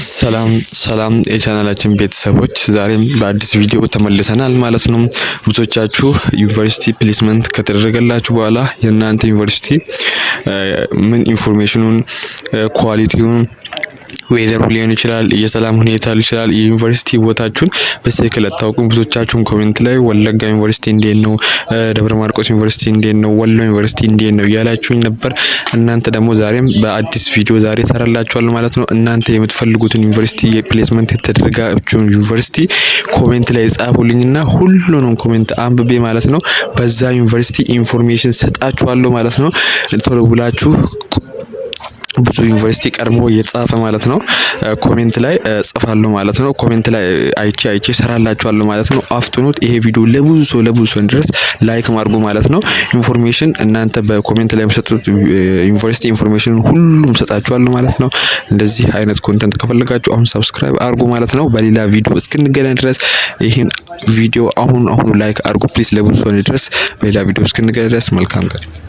ሰላም ሰላም የቻናላችን ቤተሰቦች ዛሬም በአዲስ ቪዲዮ ተመልሰናል ማለት ነው። ብዙዎቻችሁ ዩኒቨርሲቲ ፕሌስመንት ከተደረገላችሁ በኋላ የእናንተ ዩኒቨርሲቲ ምን ኢንፎርሜሽኑን ኳሊቲውን ዌዘሩ ሊሆን ይችላል፣ የሰላም ሁኔታ ሊሆን ይችላል። የዩኒቨርሲቲ ቦታችሁን በትክክል አታውቁም። ብዙዎቻችሁን ኮሜንት ላይ ወለጋ ዩኒቨርሲቲ እንዴት ነው፣ ደብረ ማርቆስ ዩኒቨርሲቲ እንዴት ነው፣ ወሎ ዩኒቨርሲቲ እንዴት ነው እያላችሁኝ ነበር። እናንተ ደግሞ ዛሬም በአዲስ ቪዲዮ ዛሬ ሰራላችኋል ማለት ነው። እናንተ የምትፈልጉትን ዩኒቨርሲቲ የፕሌስመንት የተደረጋችሁን ዩኒቨርሲቲ ኮሜንት ላይ ጻፉልኝና ሁሉንም ኮሜንት አንብቤ ማለት ነው በዛ ዩኒቨርሲቲ ኢንፎርሜሽን ሰጣችኋለሁ ማለት ነው። ቶሎ ብላችሁ ብዙ ዩኒቨርሲቲ ቀድሞ እየተጻፈ ማለት ነው ኮሜንት ላይ ጽፋሉ ማለት ነው። ኮሜንት ላይ አይቼ አይቼ ሰራላችኋለሁ ማለት ነው። አፍጥኑት። ይሄ ቪዲዮ ለብዙ ሰው ለብዙ ሰው እንዲደርስ ላይክ ማድርጉ ማለት ነው። ኢንፎርሜሽን እናንተ በኮሜንት ላይ የምሰጡት ዩኒቨርሲቲ ኢንፎርሜሽን ሁሉም ሰጣችኋለሁ ማለት ነው። እንደዚህ አይነት ኮንተንት ከፈለጋችሁ አሁን ሰብስክራይብ አድርጉ ማለት ነው። በሌላ ቪዲዮ እስክንገናኝ ድረስ ይህን ቪዲዮ አሁን አሁኑ ላይክ አድርጉ ፕሊዝ፣ ለብዙ ሰው እንዲደርስ። በሌላ ቪዲዮ እስክንገናኝ ድረስ መልካም ቀን።